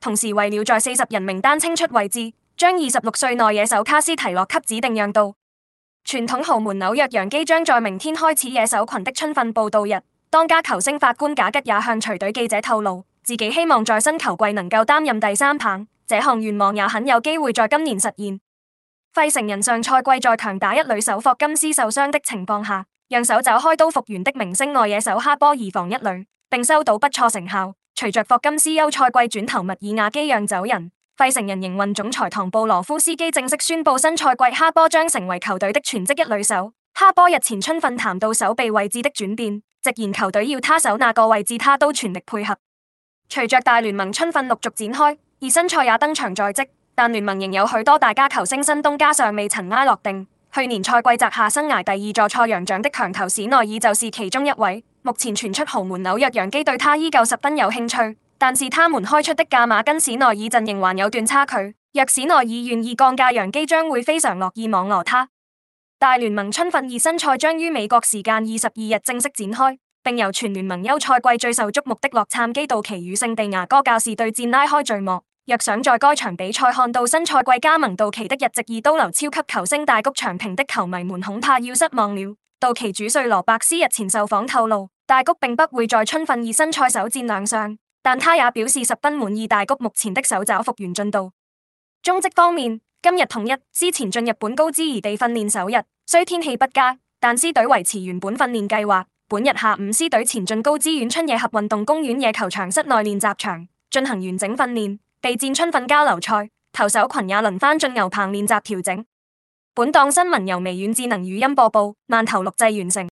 同時，為了在四十人名單清出位置，將二十六歲內野手卡斯提洛給指定讓渡。傳統豪門紐，紐約洋基將在明天開始野手群的春訓報到日。當家球星法官賈吉也向隨隊記者透露，自己希望在新球季能夠擔任第三棒，這項願望也很有機會在今年實現。費城人上賽季在強打一壘手霍金斯受傷的情況下，讓手肘開刀復原的明星內野手哈波移防一壘，並收到不錯成效。隨着霍金斯休賽季轉投，密爾瓦基讓走人，費城人營運總裁唐布羅夫斯基正式宣布新賽季哈波將成為球隊的全職一壘手。哈波日前春訓談到手臂位置的轉變，直言球隊要他守那個位置，他都全力配合。隨着大聯盟春訓陸續展開，而新賽也登場在即，但聯盟仍有許多大家球星新東家尚未塵埃落定。去年賽季摘下生涯第二座賽揚獎的強投史奈爾就是其中一位。目前傳出豪門紐約洋基對他依舊十分有興趣，但是他們開出的價碼跟史內爾陣營還有段差距。若史內爾願意降價，洋基將會非常樂意網羅他。大聯盟春訓熱身賽將於美國時間二十二日正式展開，並由全聯盟休賽季最受矚目的洛杉磯道奇與聖地牙哥教士對戰拉開序幕。若想在該場比賽看到新賽季加盟道奇的日職二刀流超級球星大谷翔平的球迷們，恐怕要失望了。道奇主帥羅伯斯日前受訪透露，大谷並不會在春訓熱身賽首戰亮相，但他也表示十分滿意大谷目前的手周復原進度。中職方面，今日統一獅前進日本高知移地訓練首日，雖天氣不佳，但獅隊維持原本訓練計劃。本日下午獅隊前進高知縣春野合運動公園野球場室內練習場進行完整訓練，備戰春訓交流賽。投手群也輪番進牛棚練習調整。本檔新聞由微軟智能語音播報，慢投錄製完成。